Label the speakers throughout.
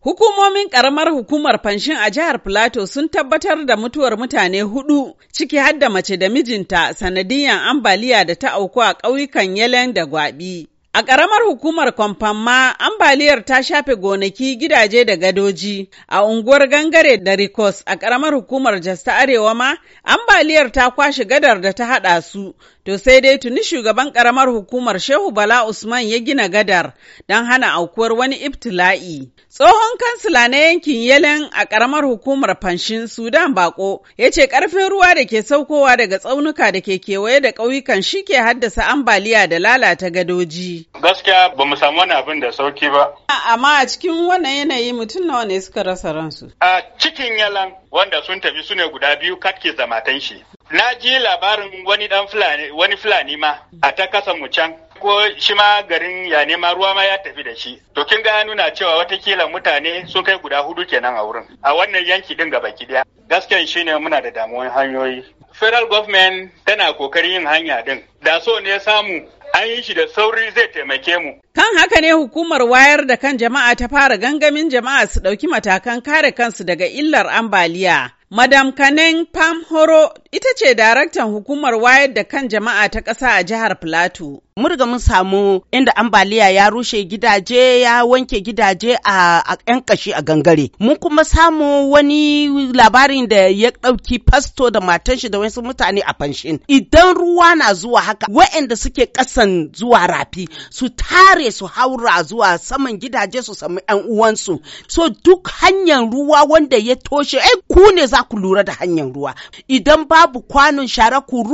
Speaker 1: Hukumomin ƙaramar hukumar fanshin a jihar Filato sun tabbatar da mutuwar mutane hudu ciki har mace da mijinta sanadiyan ambaliya da ta auku a ƙauyukan Yelen da Gwabi. A ƙaramar hukumar Kwamfamma, ambaliyar ta shafe gonaki, gidaje da gadoji. A unguwar Gangare da Rikos a ƙaramar hukumar Jasta ta Arewa ma, ambaliyar ta kwashe gadar da ta haɗa su. To sai dai tuni shugaban ƙaramar hukumar Shehu Bala Usman ya gina gadar don hana aukuwar wani ibtila'i. Tsohon kansila na yankin Yelen a ƙaramar hukumar Fanshin Sudan Bako ya ce ƙarfin ruwa da ke saukowa daga tsaunuka da ke kewaye da ƙauyukan shi ke haddasa ambaliya da lalata gadoji.
Speaker 2: Gaskiya ba mu samu wani abin da sauki ba.
Speaker 1: Amma a cikin wannan yanayi mutum nawa ne suka rasa ransu?
Speaker 2: A cikin yalan wanda sun tafi su ne guda biyu katke zamatan shi. Na ji labarin wani dan fulani wani fulani ma a ta kasa mu can ko shi ma garin ya nema ruwa ma ya tafi da shi. To kin ga nuna cewa watakila mutane sun kai guda hudu kenan a wurin. A wannan yanki din gaba ki daya. Gaskiyan shine muna da damuwan hanyoyi. Federal government tana kokarin yin hanya din. Da so ne samu an yi shi da sauri zai taimake mu.
Speaker 1: Kan haka ne hukumar wayar da kan jama'a ta fara gangamin jama'a su ɗauki matakan kare kansu daga illar ambaliya. Madam Kanen Pam Horo ita ce daraktan hukumar wayar da kan jama'a ta ƙasa a jihar Filato.
Speaker 3: Murga mun samu inda ambaliya ya rushe gidaje ya wanke gidaje a yan kashi a gangare. Mun kuma samu wani labarin da ya ɗauki fasto da matan shi da wasu mutane a fanshin. Idan ruwa na zuwa haka waɗanda suke ƙasan zuwa rafi su tare su haura zuwa saman gidaje su sami yan uwansu. So duk hanyar ruwa wanda ya toshe ai eh, ku ne za ku lura da hanyar ruwa. Idan ba babu kwanon shara ku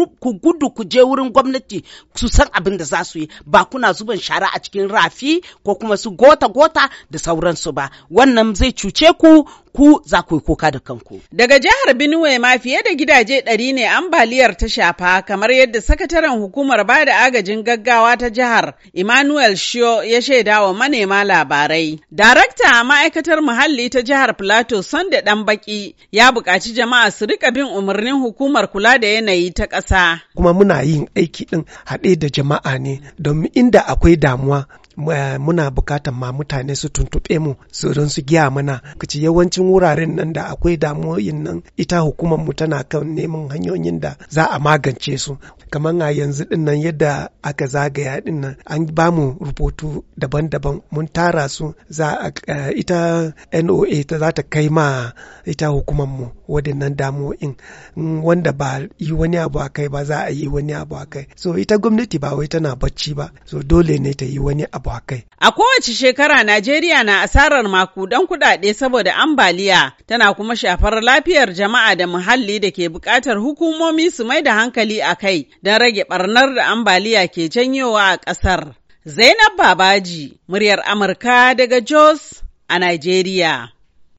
Speaker 3: gudu ku je wurin gwamnati su san abin da za su yi ba kuna zuban shara a cikin rafi ko kuma su gota gota da sauransu ba
Speaker 1: wannan zai cuce ku
Speaker 3: ku za ku yi kuka da kanku.
Speaker 1: Daga jihar Benue ma fiye da gidaje ɗari ne ambaliyar ta shafa kamar yadda sakataren hukumar ba da agajin gaggawa ta jihar Emmanuel Shio ya shaida wa manema labarai. Darakta a ma'aikatar muhalli ta jihar Plateau Sande ɗan baki ya buƙaci jama'a su rika bin umarnin hukumar kula da yanayi ta ƙasa.
Speaker 4: Kuma muna yin aiki ɗin haɗe da jama'a ne domin inda akwai damuwa Eh, muna bukatan ma mutane su tuntuɓe mu su don su giya mana kaci yawancin wuraren nan da akwai damuwoyin nan ita hukumar mu tana kan neman hanyoyin da za a magance su kamar a yanzu din nan yadda aka zagaya din nan an ba mu rubutu daban-daban mun tara su za eh, ita NOA ta za ta kai ma ita hukumar mu waɗannan damuwo'in mm, wanda ba yi wani abu a kai ba za a yi wani abu a kai so ita gwamnati ba wai tana bacci ba so dole ne ta yi wani abu a kai
Speaker 1: a kowace shekara najeriya na asarar makudan kuɗaɗe saboda ambaliya tana kuma shafar lafiyar jama'a da muhalli da ke buƙatar hukumomi su mai da hankali a kai don rage barnar da ambaliya ke janyowa a ƙasar zainab babaji muryar amurka daga jos a najeriya